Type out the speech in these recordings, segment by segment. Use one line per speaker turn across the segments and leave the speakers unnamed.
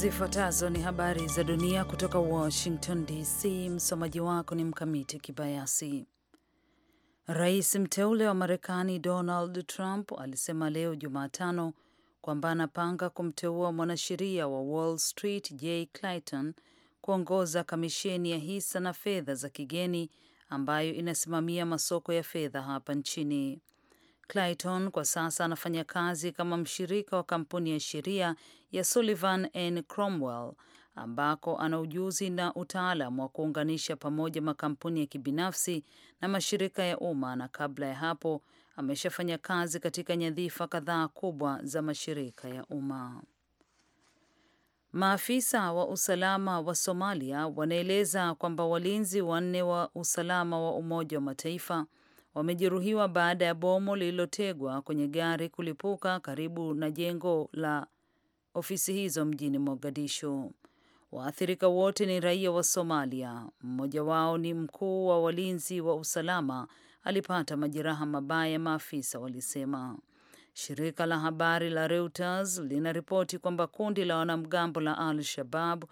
Zifuatazo ni habari za dunia kutoka Washington DC. Msomaji wako ni Mkamiti Kibayasi. Rais mteule wa Marekani Donald Trump alisema leo Jumatano kwamba anapanga kumteua mwanasheria wa Wall Street Jay Clayton kuongoza kamisheni ya hisa na fedha za kigeni ambayo inasimamia masoko ya fedha hapa nchini. Clayton kwa sasa anafanya kazi kama mshirika wa kampuni ya sheria ya Sullivan N Cromwell ambako ana ujuzi na utaalam wa kuunganisha pamoja makampuni ya kibinafsi na mashirika ya umma, na kabla ya hapo ameshafanya kazi katika nyadhifa kadhaa kubwa za mashirika ya umma. Maafisa wa usalama wa Somalia wanaeleza kwamba walinzi wanne wa usalama wa Umoja wa Mataifa wamejeruhiwa baada ya bomu lililotegwa kwenye gari kulipuka karibu na jengo la ofisi hizo mjini Mogadishu. Waathirika wote ni raia wa Somalia. Mmoja wao ni mkuu wa walinzi wa usalama, alipata majeraha mabaya, maafisa walisema. Shirika la habari la Reuters linaripoti kwamba kundi la wanamgambo la Al Shabab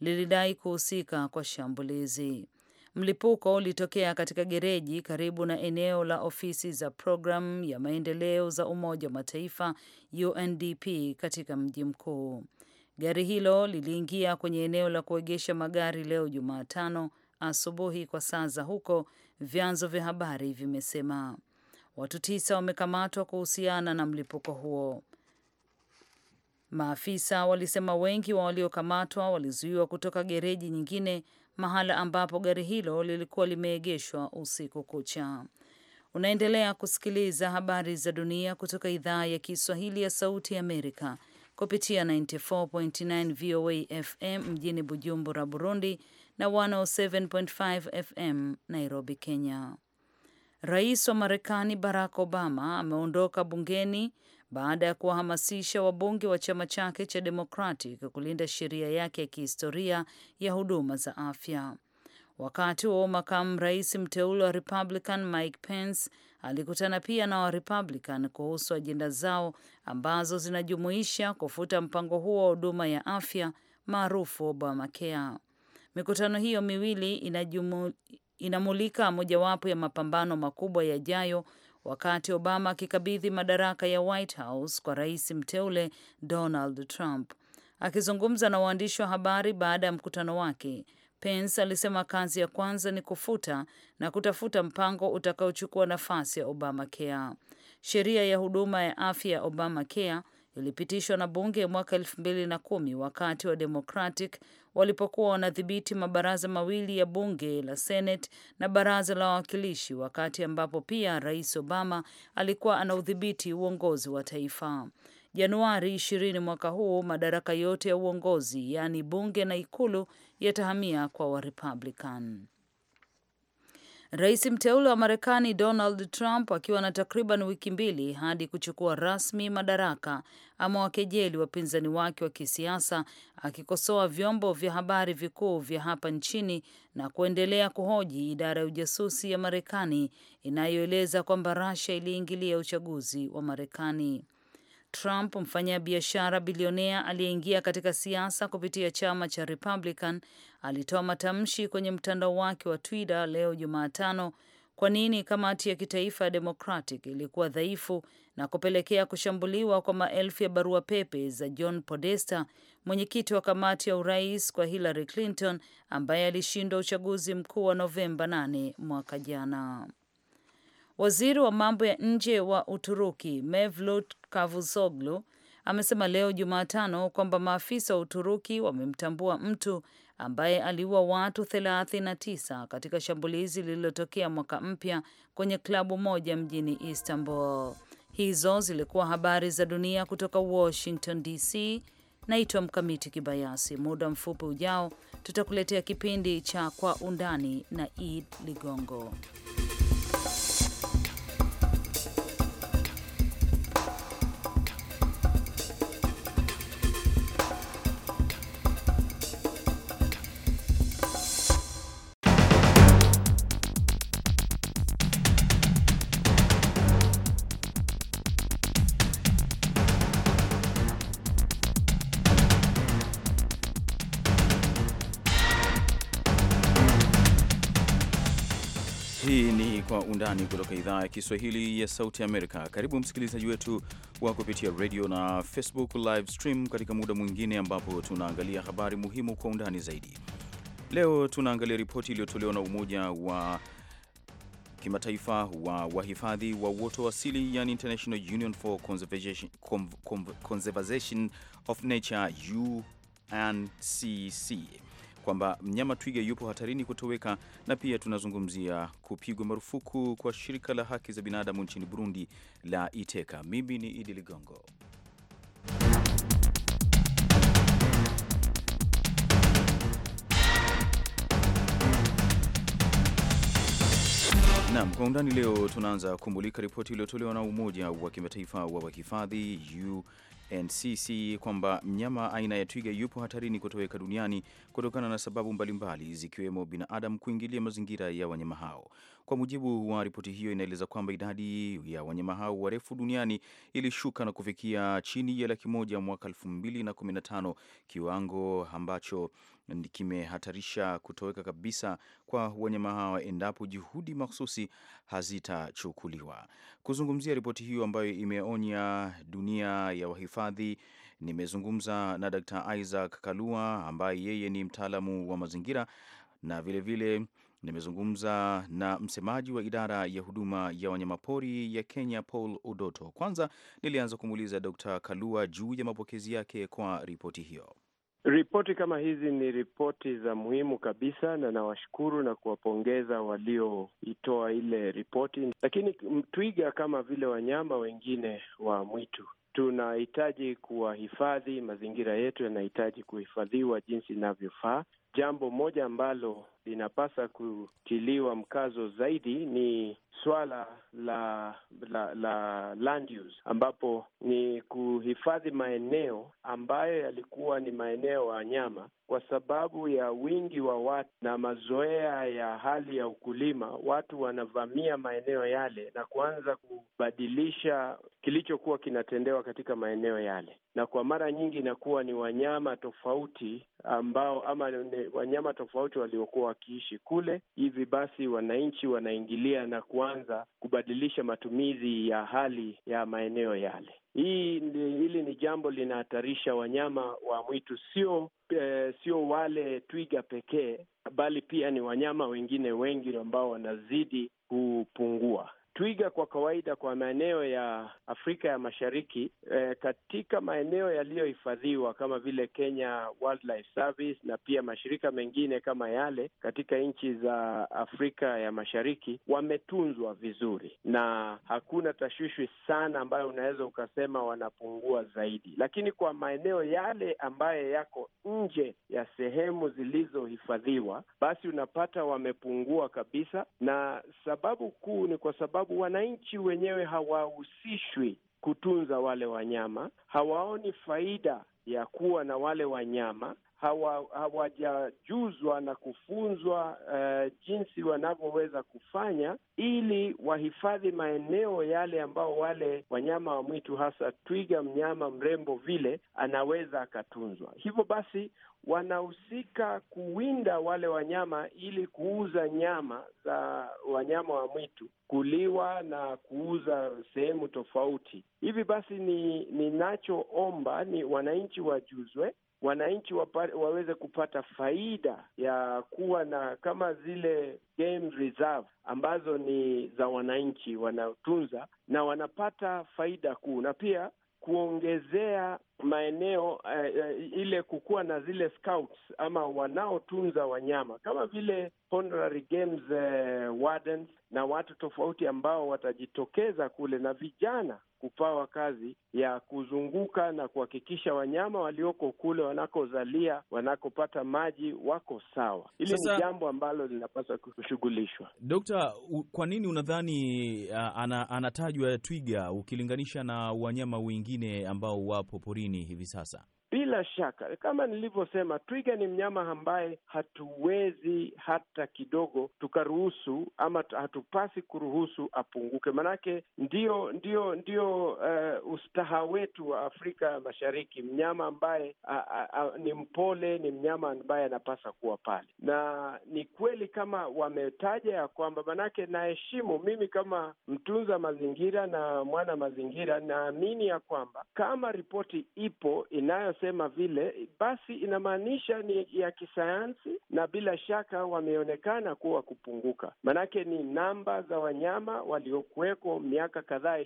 lilidai kuhusika kwa shambulizi. Mlipuko ulitokea katika gereji karibu na eneo la ofisi za programu ya maendeleo za Umoja wa Mataifa UNDP katika mji mkuu. Gari hilo liliingia kwenye eneo la kuegesha magari leo Jumatano asubuhi kwa saa za huko, vyanzo vya habari vimesema. Watu tisa wamekamatwa kuhusiana na mlipuko huo. Maafisa walisema wengi wa waliokamatwa walizuiwa kutoka gereji nyingine mahala ambapo gari hilo lilikuwa limeegeshwa usiku kucha. Unaendelea kusikiliza habari za dunia kutoka idhaa ya Kiswahili ya Sauti ya Amerika kupitia 94.9 VOA FM mjini Bujumbura, Burundi na 107.5 FM Nairobi, Kenya. Rais wa Marekani Barack Obama ameondoka bungeni baada ya kuwahamasisha wabunge wa chama chake cha Democratic kulinda sheria yake ya kihistoria ya huduma za afya. Wakati huo makamu rais mteule wa Republican Mike Pence alikutana pia na Warepublican kuhusu ajenda zao ambazo zinajumuisha kufuta mpango huo wa huduma ya afya maarufu Obamacare. Mikutano hiyo miwili inajumu, inamulika mojawapo ya mapambano makubwa yajayo wakati Obama akikabidhi madaraka ya White House kwa rais mteule Donald Trump. Akizungumza na waandishi wa habari baada ya mkutano wake, Pence alisema kazi ya kwanza ni kufuta na kutafuta mpango utakaochukua nafasi ya Obamacare. Sheria ya huduma ya afya ya Obamacare ilipitishwa na bunge mwaka elfu mbili na kumi wakati wa Democratic walipokuwa wanadhibiti mabaraza mawili ya bunge la Senate na baraza la wawakilishi, wakati ambapo pia Rais Obama alikuwa anaudhibiti uongozi wa taifa. Januari ishirini mwaka huu madaraka yote ya uongozi yaani bunge na ikulu yatahamia kwa Warepublican. Rais mteule wa Marekani Donald Trump akiwa na takriban wiki mbili hadi kuchukua rasmi madaraka, amewakejeli wapinzani wake wa kisiasa, akikosoa vyombo vya habari vikuu vya hapa nchini na kuendelea kuhoji idara ya ujasusi ya Marekani inayoeleza kwamba Russia iliingilia uchaguzi wa Marekani. Trump, mfanyabiashara bilionea aliyeingia katika siasa kupitia chama cha Republican, alitoa matamshi kwenye mtandao wake wa Twitter leo Jumatano kwa nini kamati ya kitaifa ya Democratic ilikuwa dhaifu na kupelekea kushambuliwa kwa maelfu ya barua pepe za John Podesta, mwenyekiti wa kamati ya urais kwa Hillary Clinton ambaye alishindwa uchaguzi mkuu wa Novemba 8 mwaka jana. Waziri wa mambo ya nje wa Uturuki Mevlut Cavusoglu amesema leo Jumatano kwamba maafisa wa Uturuki wamemtambua mtu ambaye aliua watu 39 katika shambulizi lililotokea mwaka mpya kwenye klabu moja mjini Istanbul. Hizo zilikuwa habari za dunia kutoka Washington DC. Naitwa Mkamiti Kibayasi. Muda mfupi ujao, tutakuletea kipindi cha Kwa Undani na Ed Ligongo.
Undani kutoka idhaa ya Kiswahili ya Sauti Amerika. Karibu msikilizaji wetu wa kupitia radio na Facebook live stream katika muda mwingine ambapo tunaangalia habari muhimu kwa undani zaidi. Leo tunaangalia ripoti iliyotolewa na Umoja wa Kimataifa wa wahifadhi wa uoto asili, yani International Union for Conservation, Conservation of Nature UNCC kwamba mnyama twiga yupo hatarini kutoweka, na pia tunazungumzia kupigwa marufuku kwa shirika la haki za binadamu nchini Burundi la Iteka. Mimi ni Idi Ligongo. Naam, kwa undani leo tunaanza kumulika ripoti iliyotolewa na Umoja wa Kimataifa wa Wahifadhi NCC kwamba mnyama aina ya twiga yupo hatarini kutoweka duniani kutokana na sababu mbalimbali zikiwemo binadamu kuingilia mazingira ya wanyama hao. Kwa mujibu wa ripoti hiyo, inaeleza kwamba idadi ya wanyama hao warefu duniani ilishuka na kufikia chini ya laki moja mwaka 2015, kiwango ambacho kimehatarisha kutoweka kabisa kwa wanyama hawa endapo juhudi makhususi hazitachukuliwa. Kuzungumzia ripoti hiyo ambayo imeonya dunia ya wahifadhi, nimezungumza na Dr. Isaac Kalua ambaye yeye ni mtaalamu wa mazingira na vilevile vile, nimezungumza na msemaji wa idara ya huduma ya wanyamapori ya Kenya, Paul Odoto. Kwanza nilianza kumuuliza Dr. Kalua juu ya mapokezi yake kwa ripoti hiyo.
Ripoti kama hizi ni ripoti za muhimu kabisa, na nawashukuru na kuwapongeza walioitoa ile ripoti. Lakini twiga kama vile wanyama wengine wa mwitu tunahitaji kuwahifadhi, mazingira yetu yanahitaji kuhifadhiwa jinsi inavyofaa. Jambo moja ambalo linapasa kutiliwa mkazo zaidi ni swala la la, la land use, ambapo ni kuhifadhi maeneo ambayo yalikuwa ni maeneo ya wanyama, kwa sababu ya wingi wa watu na mazoea ya hali ya ukulima, watu wanavamia maeneo yale na kuanza kubadilisha kilichokuwa kinatendewa katika maeneo yale, na kwa mara nyingi inakuwa ni wanyama tofauti ambao ama wanyama tofauti waliokuwa wakiishi kule. Hivi basi, wananchi wanaingilia na kuanza kubadilisha matumizi ya hali ya maeneo yale. Hii hili ni jambo linahatarisha wanyama wa mwitu, sio eh, sio wale twiga pekee, bali pia ni wanyama wengine wengi ambao wanazidi kupungua. Twiga kwa kawaida kwa maeneo ya Afrika ya Mashariki eh, katika maeneo yaliyohifadhiwa kama vile Kenya Wildlife Service na pia mashirika mengine kama yale katika nchi za Afrika ya Mashariki wametunzwa vizuri, na hakuna tashwishwi sana ambayo unaweza ukasema wanapungua zaidi, lakini kwa maeneo yale ambayo yako nje ya sehemu zilizohifadhiwa, basi unapata wamepungua kabisa, na sababu kuu ni kwa sababu sababu wananchi wenyewe hawahusishwi kutunza wale wanyama, hawaoni faida ya kuwa na wale wanyama hawajajuzwa hawa na kufunzwa uh, jinsi wanavyoweza kufanya ili wahifadhi maeneo yale ambao wale wanyama wa mwitu hasa twiga, mnyama mrembo vile, anaweza akatunzwa. Hivyo basi wanahusika kuwinda wale wanyama ili kuuza nyama za wanyama wa mwitu kuliwa na kuuza sehemu tofauti. Hivi basi, ni ninachoomba ni wananchi wajuzwe wananchi waweze kupata faida ya kuwa na kama zile game reserve ambazo ni za wananchi wanaotunza na wanapata faida kuu, na pia kuongezea maeneo eh, eh, ile kukuwa na zile scouts ama wanaotunza wanyama kama vile honorary games eh, wardens na watu tofauti ambao watajitokeza kule na vijana kupawa kazi ya kuzunguka na kuhakikisha wanyama walioko kule wanakozalia, wanakopata maji wako sawa. Hili ni jambo ambalo linapaswa kushughulishwa.
Dokta, kwa nini unadhani uh, ana, anatajwa twiga ukilinganisha na wanyama wengine ambao wapo porini? nini hivi sasa?
Bila shaka, kama nilivyosema, twiga ni mnyama ambaye hatuwezi hata kidogo tukaruhusu ama hatupasi kuruhusu apunguke, manake ndio ndio ndio uh, ustaha wetu wa Afrika Mashariki, mnyama ambaye a, a, a, ni mpole, ni mnyama ambaye anapasa kuwa pale. Na ni kweli kama wametaja ya kwamba, manake naheshimu mimi kama mtunza mazingira na mwana mazingira, naamini ya kwamba kama ripoti ipo inayo wanasema vile, basi inamaanisha ni ya kisayansi, na bila shaka wameonekana kuwa kupunguka. Maanake ni namba za wanyama waliokuweko miaka kadhaa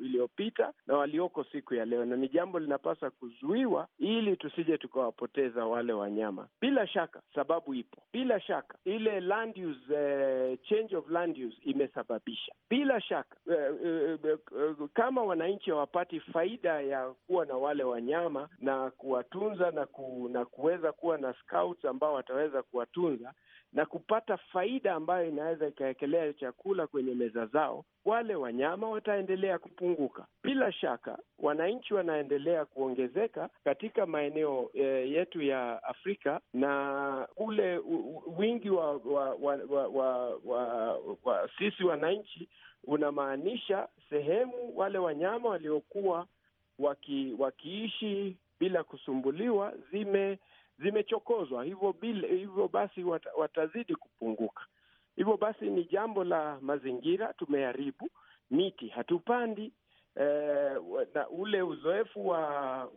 iliyopita na walioko siku ya leo, na ni jambo linapaswa kuzuiwa ili tusije tukawapoteza wale wanyama. Bila shaka sababu ipo, bila shaka ile land use, eh, change of land use imesababisha, bila shaka eh, eh, eh, eh kama wananchi hawapati faida ya kuwa na wale wanyama na kuwatunza na, ku, na kuweza kuwa na scouts ambao wataweza kuwatunza na kupata faida ambayo inaweza ikawekelea chakula kwenye meza zao, wale wanyama wataendelea kupunguka. Bila shaka, wananchi wanaendelea kuongezeka katika maeneo e, yetu ya Afrika na ule wingi wa, wa, wa, wa, wa, wa, wa sisi wananchi unamaanisha sehemu wale wanyama waliokuwa waki, wakiishi bila kusumbuliwa zime zimechokozwa hivyo hivyo basi wat, watazidi kupunguka. Hivyo basi ni jambo la mazingira, tumeharibu miti, hatupandi eh, na ule uzoefu wa,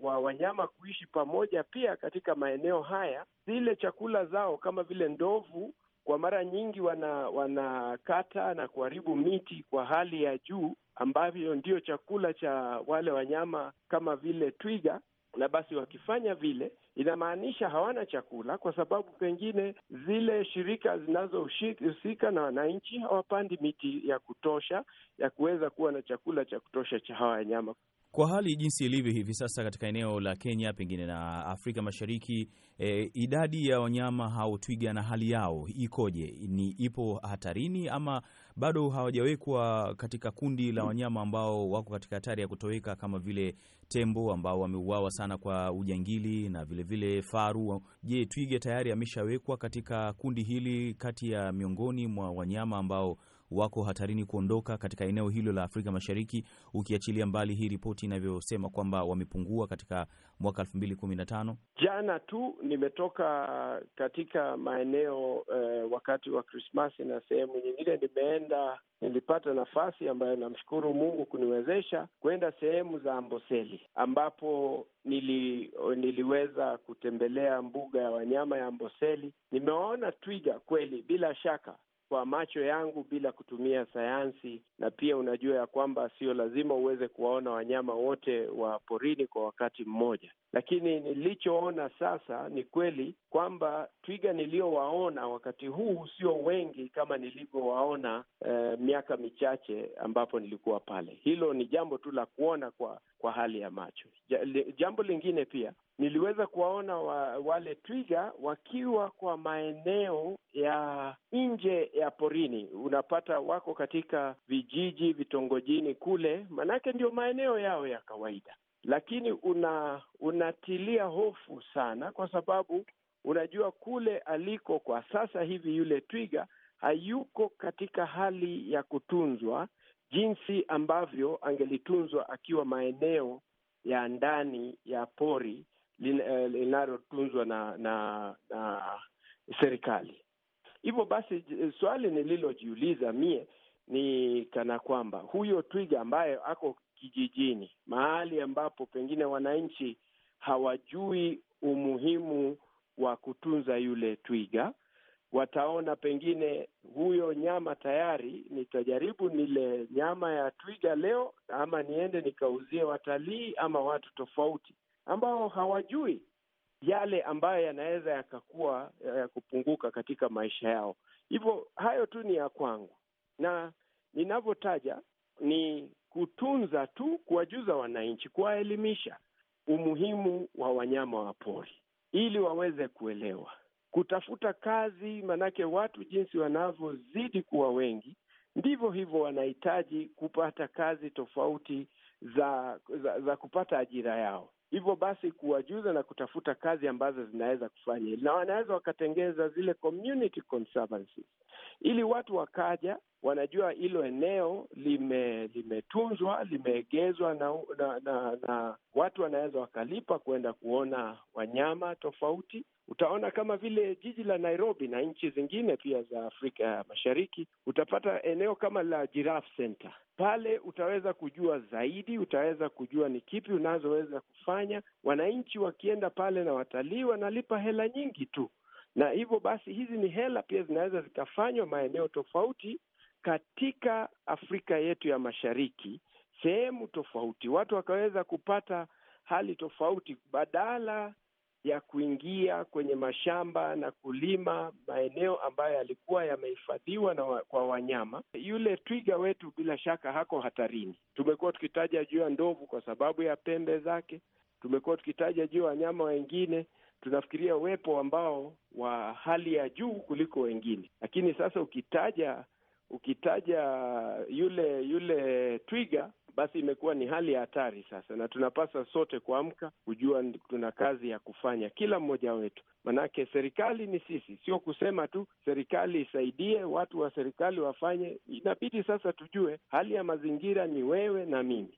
wa wanyama kuishi pamoja pia katika maeneo haya, zile chakula zao kama vile ndovu kwa mara nyingi wana wanakata na kuharibu miti kwa hali ya juu, ambavyo ndio chakula cha wale wanyama kama vile twiga na basi wakifanya vile inamaanisha hawana chakula, kwa sababu pengine zile shirika zinazohusika na wananchi hawapandi miti ya kutosha ya kuweza kuwa na chakula cha kutosha cha hawa wanyama.
Kwa hali jinsi ilivyo hivi sasa katika eneo la Kenya pengine na Afrika Mashariki, e, idadi ya wanyama hao twiga na hali yao ikoje? Ni ipo hatarini ama bado hawajawekwa katika kundi la wanyama ambao wako katika hatari ya kutoweka kama vile tembo ambao wameuawa sana kwa ujangili na vilevile vile faru? Je, twiga tayari ameshawekwa katika kundi hili kati ya miongoni mwa wanyama ambao wako hatarini kuondoka katika eneo hilo la Afrika Mashariki, ukiachilia mbali hii ripoti inavyosema kwamba wamepungua katika mwaka elfu mbili kumi na tano.
Jana tu nimetoka katika maeneo eh, wakati wa Krismasi na sehemu nyingine nimeenda nilipata nafasi ambayo namshukuru Mungu kuniwezesha kwenda sehemu za Amboseli ambapo nili, niliweza kutembelea mbuga ya wanyama ya Amboseli. Nimewaona twiga kweli, bila shaka kwa macho yangu bila kutumia sayansi, na pia unajua ya kwamba sio lazima uweze kuwaona wanyama wote wa porini kwa wakati mmoja. Lakini nilichoona sasa ni kweli kwamba twiga niliowaona wakati huu sio wengi kama nilivyowaona eh, miaka michache ambapo nilikuwa pale. Hilo ni jambo tu la kuona kwa, kwa hali ya macho. Jambo lingine pia niliweza kuwaona wa, wale twiga wakiwa kwa maeneo ya nje ya porini. Unapata wako katika vijiji vitongojini kule, manake ndio maeneo yao ya kawaida, lakini una unatilia hofu sana, kwa sababu unajua kule aliko kwa sasa hivi yule twiga hayuko katika hali ya kutunzwa jinsi ambavyo angelitunzwa akiwa maeneo ya ndani ya pori Eh, linalotunzwa na, na na serikali. Hivyo basi eh, swali nililojiuliza mie ni kana kwamba huyo twiga ambaye ako kijijini, mahali ambapo pengine wananchi hawajui umuhimu wa kutunza yule twiga, wataona pengine huyo nyama tayari, nitajaribu nile nyama ya twiga leo, ama niende nikauzie watalii ama watu tofauti ambao hawajui yale ambayo yanaweza yakakuwa eh, ya kupunguka katika maisha yao. Hivyo hayo tu ni ya kwangu, na ninavyotaja ni kutunza tu, kuwajuza wananchi, kuwaelimisha umuhimu wa wanyama wa pori ili waweze kuelewa, kutafuta kazi, maanake watu jinsi wanavyozidi kuwa wengi ndivyo hivyo wanahitaji kupata kazi tofauti za, za, za kupata ajira yao hivyo basi kuwajuza na kutafuta kazi ambazo zinaweza kufanya, na wanaweza wakatengeza zile community conservancies, ili watu wakaja wanajua hilo eneo lime, limetunzwa limeegezwa na, na, na, na watu wanaweza wakalipa kwenda kuona wanyama tofauti, utaona kama vile jiji la Nairobi na nchi zingine pia za Afrika ya Mashariki, utapata eneo kama la Giraffe Center. Pale utaweza kujua zaidi, utaweza kujua ni kipi unazoweza kufanya. Wananchi wakienda pale na watalii wanalipa hela nyingi tu, na hivyo basi hizi ni hela pia zinaweza zikafanywa maeneo tofauti katika Afrika yetu ya Mashariki, sehemu tofauti, watu wakaweza kupata hali tofauti, badala ya kuingia kwenye mashamba na kulima maeneo ambayo yalikuwa yamehifadhiwa na wa, kwa wanyama. Yule twiga wetu bila shaka hako hatarini. Tumekuwa tukitaja juu ya ndovu kwa sababu ya pembe zake, tumekuwa tukitaja juu ya wanyama wengine tunafikiria uwepo ambao wa hali ya juu kuliko wengine, lakini sasa ukitaja ukitaja yule yule twiga basi imekuwa ni hali ya hatari sasa, na tunapaswa sote kuamka kujua tuna kazi ya kufanya kila mmoja wetu, manake serikali ni sisi, sio kusema tu serikali isaidie, watu wa serikali wafanye. Inabidi sasa tujue hali ya mazingira ni wewe na mimi.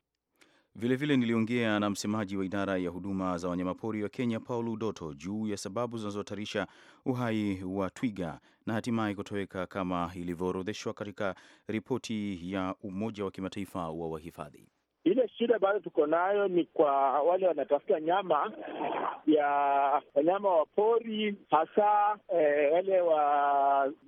Vilevile niliongea na msemaji wa idara ya huduma za wanyamapori wa Kenya, Paul Udoto, juu ya sababu zinazohatarisha uhai wa twiga na hatimaye kutoweka kama ilivyoorodheshwa katika ripoti ya Umoja wa Kimataifa wa Wahifadhi
shida bado tuko nayo ni kwa wale wanatafuta nyama ya wanyama wa pori, hasa eh, wale wa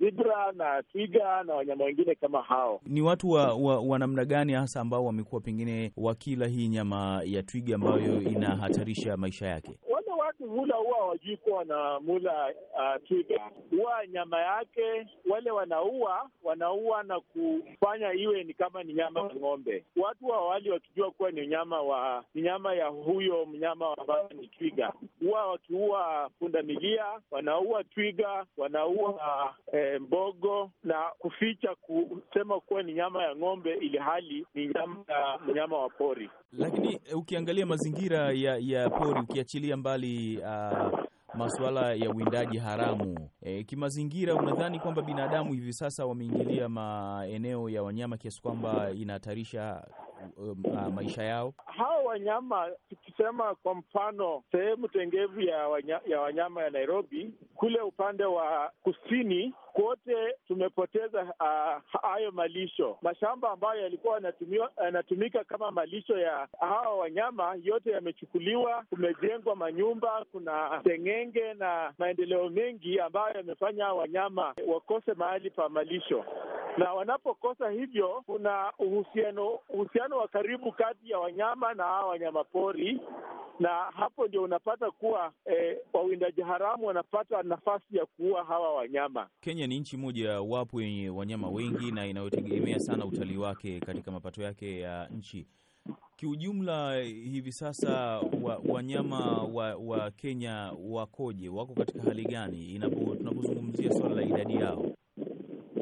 zibra na twiga na wanyama wengine kama hao.
Ni watu wa, wa, wa namna gani hasa ambao wamekuwa pengine wakila hii nyama ya twiga ambayo inahatarisha maisha yake?
watu hula huwa hawajui kuwa wanamula uh, ah, twiga. Huwa nyama yake wale wanaua wanaua na kufanya iwe ni kama ni nyama ya ng'ombe. Watu wa awali wakijua kuwa ni nyama wa ni nyama ya huyo mnyama ambayo ni twiga. Huwa wakiua pundamilia, wanaua twiga, wanaua eh, mbogo na kuficha kusema kuwa ni nyama ya ng'ombe, ili hali ni nyama ya mnyama wa pori.
Lakini eh, ukiangalia mazingira ya, ya pori ukiachilia mbali uh, masuala ya uwindaji haramu e, kimazingira, unadhani kwamba binadamu hivi sasa wameingilia maeneo ya wanyama kiasi kwamba inahatarisha um, uh, maisha yao
hawa wanyama. Tukisema kwa mfano sehemu tengevu ya, wanya, ya wanyama ya Nairobi kule upande wa kusini kote tumepoteza uh, hayo malisho. Mashamba ambayo yalikuwa yanatumika kama malisho ya hawa wanyama yote yamechukuliwa. Kumejengwa manyumba, kuna tengenge na maendeleo mengi ambayo yamefanya wanyama wakose mahali pa malisho, na wanapokosa hivyo, kuna uhusiano uhusiano wa karibu kati ya wanyama na hawa wanyama pori na hapo ndio unapata kuwa eh, wawindaji haramu wanapata nafasi ya kuua hawa wanyama
Kenya. Kenya ni nchi moja wapo yenye wanyama wengi na inayotegemea sana utalii wake katika mapato yake ya nchi. Kiujumla hivi sasa wa, wanyama wa, wa Kenya wakoje? Wako katika hali gani? Inapo tunapozungumzia swala la idadi yao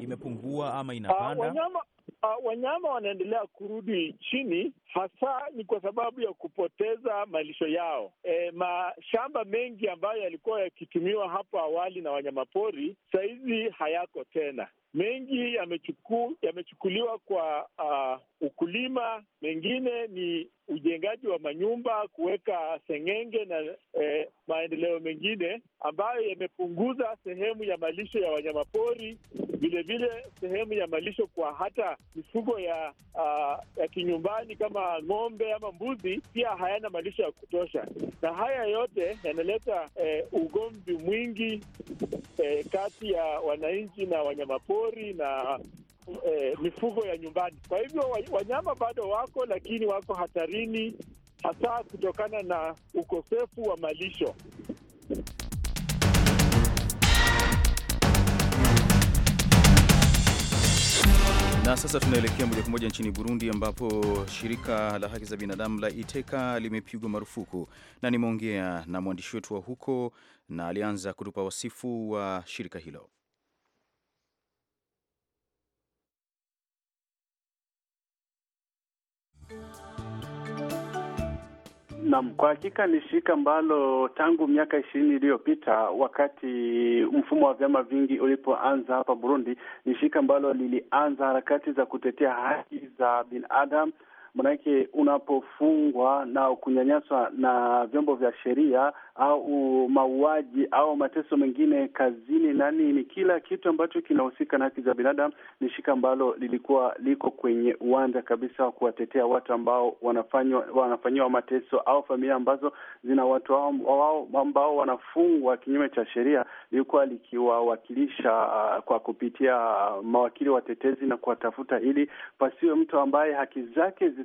imepungua ama ah, inapanda? Uh, wanyama
Uh, wanyama wanaendelea kurudi chini, hasa ni kwa sababu ya kupoteza malisho yao. E, mashamba mengi ambayo yalikuwa yakitumiwa hapo awali na wanyamapori sahizi hayako tena mengi yamechuku, yamechukuliwa kwa uh, ukulima, mengine ni ujengaji wa manyumba, kuweka seng'enge na eh, maendeleo mengine ambayo yamepunguza sehemu ya malisho ya wanyamapori, vilevile sehemu ya malisho kwa hata mifugo ya uh, ya kinyumbani kama ng'ombe ama mbuzi, pia hayana malisho ya kutosha, na haya yote yanaleta eh, ugomvi mwingi eh, kati ya wananchi na wanyamapori pori na eh, mifugo ya nyumbani. Kwa hivyo wanyama bado wako, lakini wako hatarini, hasa kutokana na ukosefu wa malisho.
Na sasa tunaelekea moja kwa moja nchini Burundi ambapo shirika la haki za binadamu la Iteka limepigwa marufuku, na nimeongea na mwandishi wetu wa huko na alianza kutupa wasifu wa shirika hilo.
Naam,
kwa hakika ni shirika ambalo tangu miaka ishirini iliyopita wakati mfumo wa vyama vingi ulipoanza hapa Burundi, ni shirika ambalo lilianza harakati za kutetea haki za binadamu Manake unapofungwa na kunyanyaswa na vyombo vya sheria au mauaji au mateso mengine kazini na nini, kila kitu ambacho kinahusika na haki za binadamu ni shika ambalo lilikuwa liko kwenye uwanja kabisa wa kuwatetea watu ambao wanafanywa wanafanyiwa mateso au familia ambazo zina watu wao ambao wanafungwa kinyume cha sheria, lilikuwa likiwawakilisha uh, kwa kupitia uh, mawakili watetezi na kuwatafuta ili pasiwe mtu ambaye haki zake zi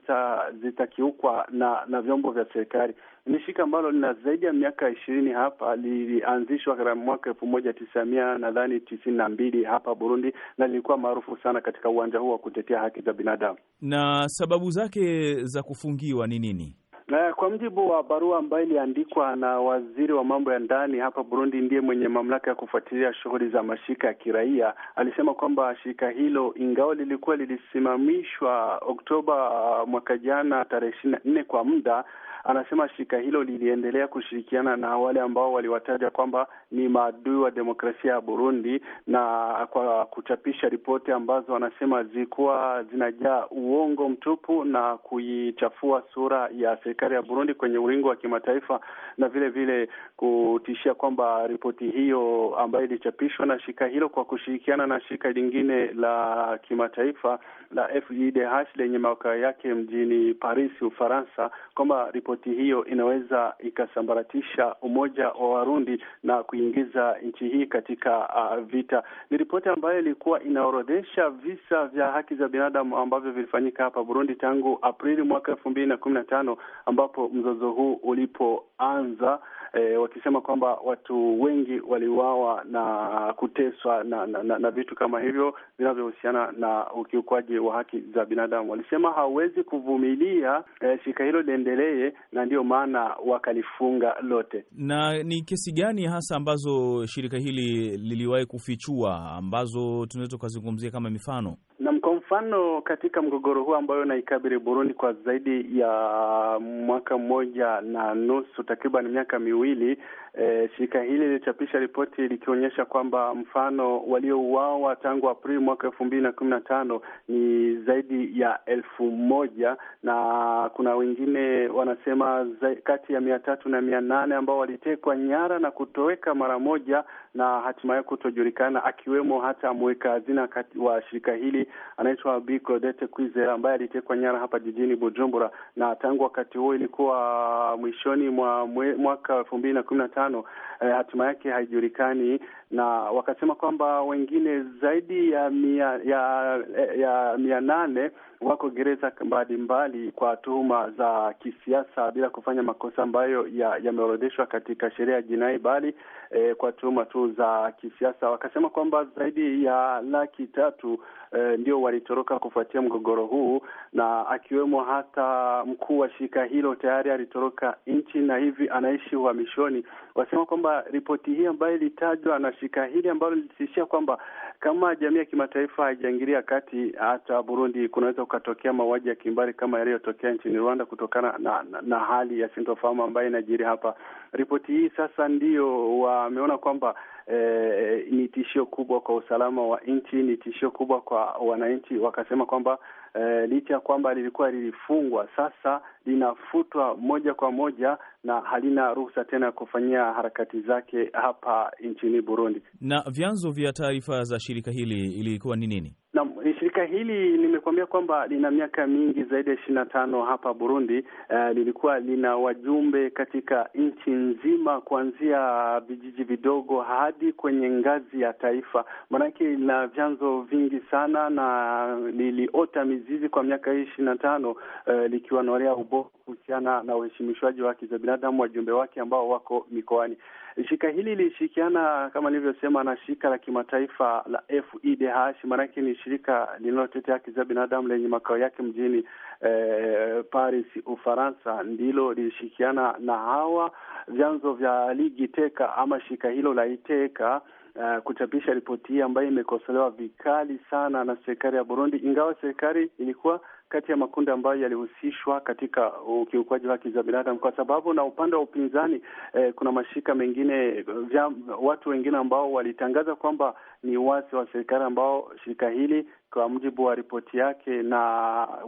zitakiukwa zita na na vyombo vya serikali. Ni shirika ambalo lina zaidi ya miaka ishirini hapa, lilianzishwa mwaka elfu moja tisa mia nadhani tisini na mbili hapa Burundi, na lilikuwa maarufu sana katika uwanja huu wa kutetea haki za binadamu.
Na sababu zake za kufungiwa ni nini?
Kwa mjibu wa barua ambayo iliandikwa na waziri wa mambo ya ndani hapa Burundi, ndiye mwenye mamlaka ya kufuatilia shughuli za mashirika ya kiraia, alisema kwamba shirika hilo ingawa lilikuwa lilisimamishwa Oktoba uh, mwaka jana tarehe ishirini na nne kwa muda Anasema shirika hilo liliendelea kushirikiana na wale ambao waliwataja kwamba ni maadui wa demokrasia ya Burundi na kwa kuchapisha ripoti ambazo wanasema zilikuwa zinajaa uongo mtupu na kuichafua sura ya serikali ya Burundi kwenye ulingo wa kimataifa na vile vile kutishia kwamba ripoti hiyo ambayo ilichapishwa na shirika hilo kwa kushirikiana na shirika lingine la kimataifa la FIDH lenye makao yake mjini Paris, Ufaransa kwamba ripoti ripoti hiyo inaweza ikasambaratisha umoja wa Warundi na kuingiza nchi hii katika uh, vita. Ni ripoti ambayo ilikuwa inaorodhesha visa vya haki za binadamu ambavyo vilifanyika hapa Burundi tangu Aprili mwaka elfu mbili na kumi na tano ambapo mzozo huu ulipoanza e, wakisema kwamba watu wengi waliuawa na kuteswa na, na, na, na vitu kama hivyo vinavyohusiana na ukiukwaji wa haki za binadamu. Walisema hawawezi kuvumilia e, shirika hilo liendelee, na ndiyo maana wakalifunga lote.
Na ni kesi gani hasa ambazo shirika hili liliwahi kufichua ambazo tunaweza tukazungumzia kama mifano?
Nam, kwa mfano katika mgogoro huu ambayo unaikabili Burundi kwa zaidi ya mwaka mmoja na nusu, takriban miaka miwili, Eh, shirika hili lilichapisha ripoti likionyesha kwamba mfano waliouawa tangu Aprili mwaka elfu mbili na kumi na tano ni zaidi ya elfu moja na kuna wengine wanasema kati ya mia tatu na mia nane ambao walitekwa nyara na kutoweka mara moja na hatimaye kutojulikana, akiwemo hata mweka hazina wa shirika hili anaitwa Bi Claudette Kwizera ambaye alitekwa nyara hapa jijini Bujumbura, na tangu wakati huo ilikuwa mwishoni mwa mwaka elfu mbili na kumi na tano, eh, hatima yake haijulikani na wakasema kwamba wengine zaidi ya mia, ya, ya mia nane wako gereza mbalimbali kwa tuhuma za kisiasa bila kufanya makosa ambayo yameorodheshwa ya katika sheria ya jinai, bali eh, kwa tuhuma tu za kisiasa. Wakasema kwamba zaidi ya laki tatu eh, ndio walitoroka kufuatia mgogoro huu, na akiwemo hata mkuu wa shirika hilo tayari alitoroka nchi na hivi anaishi uhamishoni. Wasema kwamba ripoti hii ambayo ilitajwa na shika hili ambalo lilitishia kwamba kama jamii ya kimataifa haijaingilia kati, hata Burundi kunaweza kukatokea mauaji ya kimbari kama yaliyotokea nchini Rwanda, kutokana na, na, na hali ya sintofahamu ambayo inajiri hapa. Ripoti hii sasa ndiyo wameona kwamba eh, ni tishio kubwa kwa usalama wa nchi, ni tishio kubwa kwa wananchi. Wakasema kwamba eh, licha ya kwamba lilikuwa lilifungwa, sasa linafutwa moja kwa moja na halina ruhusa tena ya kufanyia harakati zake hapa nchini Burundi.
Na vyanzo vya taarifa za shirika hili ilikuwa ni nini?
Naam, eh, shirika hili nimekuambia kwamba lina miaka mingi zaidi ya ishirini na tano hapa Burundi. Uh, lilikuwa lina wajumbe katika nchi nzima kuanzia vijiji vidogo hadi kwenye ngazi ya taifa, maanake lina vyanzo vingi sana na liliota mizizi kwa miaka hii ishirini na tano uh, norea ubo kuhusiana na uheshimishwaji wa haki za binadamu wajumbe wake ambao wako mikoani. Shirika hili lilishirikiana kama nilivyosema na shirika la kimataifa la FIDH, e maanake ni shirika linalotetea haki za binadamu lenye makao yake mjini eh, Paris, Ufaransa. Ndilo lilishirikiana na hawa vyanzo vya ligi teka ama shirika hilo la iteka Uh, eh, kuchapisha ripoti hii ambayo imekosolewa vikali sana na serikali ya Burundi, ingawa serikali ilikuwa kati ya makundi ambayo yalihusishwa katika ukiukwaji wa haki za binadamu, kwa sababu na upande wa upinzani eh, kuna mashirika mengine vya, watu wengine ambao walitangaza kwamba ni uasi wa serikali ambao shirika hili kwa mujibu wa ripoti yake, na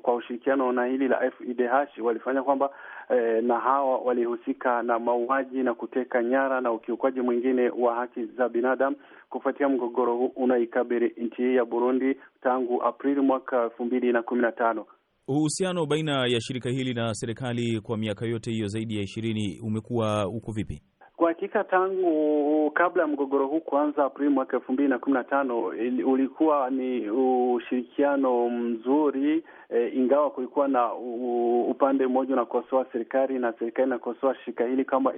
kwa ushirikiano na hili la FIDH walifanya kwamba eh, na hawa walihusika na mauaji na kuteka nyara na ukiukwaji mwingine wa haki za binadamu kufuatia mgogoro huu unaikabiri nchi hii ya Burundi tangu Aprili mwaka elfu mbili na kumi
na tano. Uhusiano baina ya shirika hili na serikali kwa miaka yote hiyo zaidi ya ishirini umekuwa uko vipi?
Kwa hakika tangu kabla ya mgogoro huu kuanza Aprili mwaka elfu mbili na kumi na tano ulikuwa ni ushirikiano mzuri e, ingawa kulikuwa na u, upande mmoja unakosoa serikali na serikali inakosoa shirika hili kwamba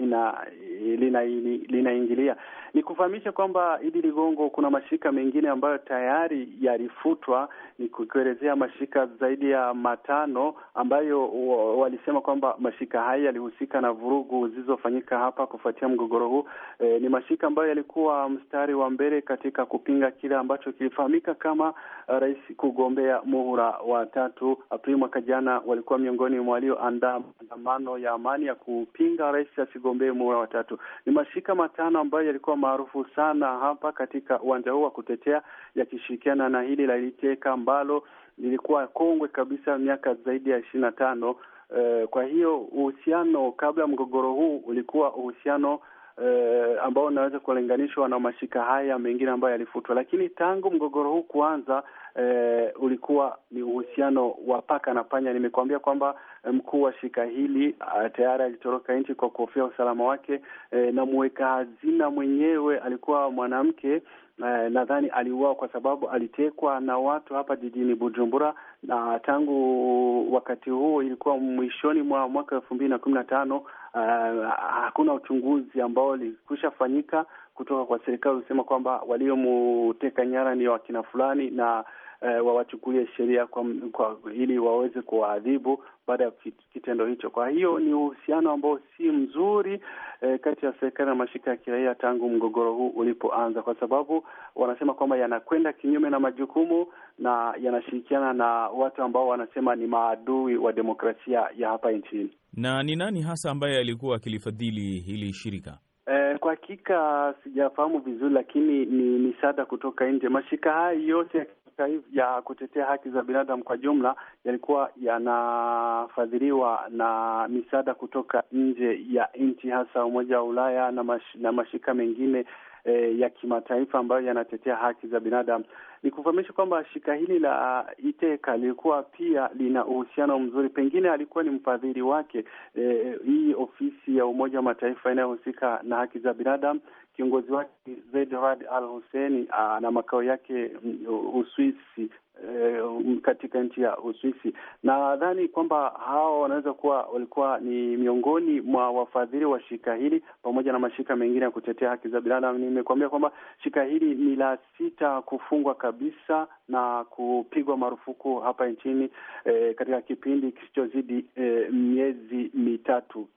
linaingilia lina, ni kufahamisha kwamba Idi Ligongo, kuna mashirika mengine ambayo tayari yalifutwa, ni kuelezea mashirika zaidi ya matano ambayo walisema kwamba mashirika haya yalihusika na vurugu zilizofanyika hapa kufuatia mgogoro huu e, ni mashirika ambayo yalikuwa mstari wa mbele katika kupinga kile ambacho kilifahamika kama e, rais kugombea muhula wa tatu Aprili mwaka jana. Walikuwa miongoni mwa walioandaa maandamano ya amani ya kupinga rais asigombee muhula wa tatu. Ni mashirika matano ambayo yalikuwa maarufu sana hapa katika uwanja huu wa kutetea, yakishirikiana na hili la Iliteka ambalo lilikuwa kongwe kabisa miaka zaidi ya ishirini na tano. Uh, kwa hiyo uhusiano kabla mgogoro huu ulikuwa uhusiano uh, ambao unaweza kulinganishwa na mashika haya mengine ambayo yalifutwa, lakini tangu mgogoro huu kuanza uh, ulikuwa ni uhusiano wa paka na panya. Nimekuambia kwamba mkuu wa shika hili uh, tayari alitoroka nchi kwa kuhofia usalama wake uh, na mweka hazina mwenyewe alikuwa mwanamke eh, nadhani aliuawa kwa sababu alitekwa na watu hapa jijini Bujumbura, na tangu wakati huo ilikuwa mwishoni mwa mwaka elfu mbili na kumi na tano. Uh, hakuna uchunguzi ambao ulikwisha fanyika kutoka kwa serikali, kusema kwamba waliomuteka nyara ni wakina fulani na eh, wawachukulie sheria kwa, kwa ili waweze kuwaadhibu baada ya kitendo hicho. Kwa hiyo ni uhusiano ambao si mzuri eh, kati ya serikali na mashirika ya kiraia tangu mgogoro huu ulipoanza, kwa sababu wanasema kwamba yanakwenda kinyume na majukumu na yanashirikiana na watu ambao wanasema ni maadui wa demokrasia ya hapa nchini.
Na ni nani hasa ambaye alikuwa akilifadhili hili shirika?
Eh, kwa hakika sijafahamu vizuri, lakini ni misaada kutoka nje. Mashirika haya yote mashirika ya kutetea haki za binadamu kwa jumla yalikuwa yanafadhiliwa na misaada kutoka nje ya nchi, hasa Umoja wa Ulaya na, mash, na mashirika mengine eh, ya kimataifa ambayo yanatetea haki za binadamu. Ni kufahamisha kwamba shirika hili la Iteka lilikuwa pia lina uhusiano mzuri, pengine alikuwa ni mfadhili wake, eh, hii ofisi ya Umoja wa Mataifa inayohusika na haki za binadamu Kiongozi wake Zeid Ra'ad Al Hussein ana ah, makao yake mm, Uswisi, eh, um, katika nchi ya Uswisi. Nadhani kwamba hao wanaweza kuwa walikuwa ni miongoni mwa wafadhili wa shirika hili pamoja na mashirika mengine ya kutetea haki za binadamu. Nimekuambia kwamba shirika hili ni la sita kufungwa kabisa na kupigwa marufuku hapa nchini eh, katika kipindi kisichozidi eh, miezi mitatu.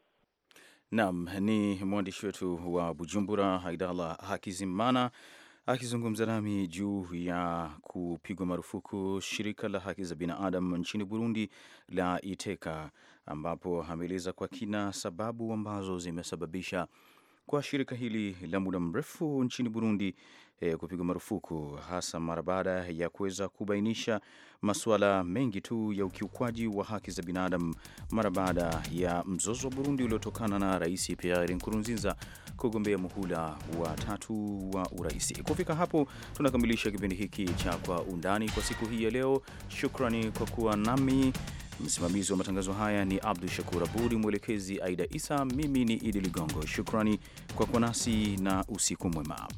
Naam, ni mwandishi wetu wa Bujumbura Haidala Hakizimana akizungumza nami juu ya kupigwa marufuku shirika la haki za binadamu nchini Burundi la Iteka, ambapo ameeleza kwa kina sababu ambazo zimesababisha kwa shirika hili la muda mrefu nchini Burundi e, kupigwa marufuku hasa mara baada ya kuweza kubainisha masuala mengi tu ya ukiukwaji wa haki za binadamu mara baada ya mzozo wa Burundi uliotokana na Rais Pierre Nkurunziza kugombea muhula wa tatu wa urais. Kufika hapo tunakamilisha kipindi hiki cha kwa undani kwa siku hii ya leo. Shukrani kwa kuwa nami. Msimamizi wa matangazo haya ni Abdu Shakur abud mwelekezi Aida Isa, mimi ni Idi Ligongo. Shukrani kwa kuwa nasi na usiku mwema.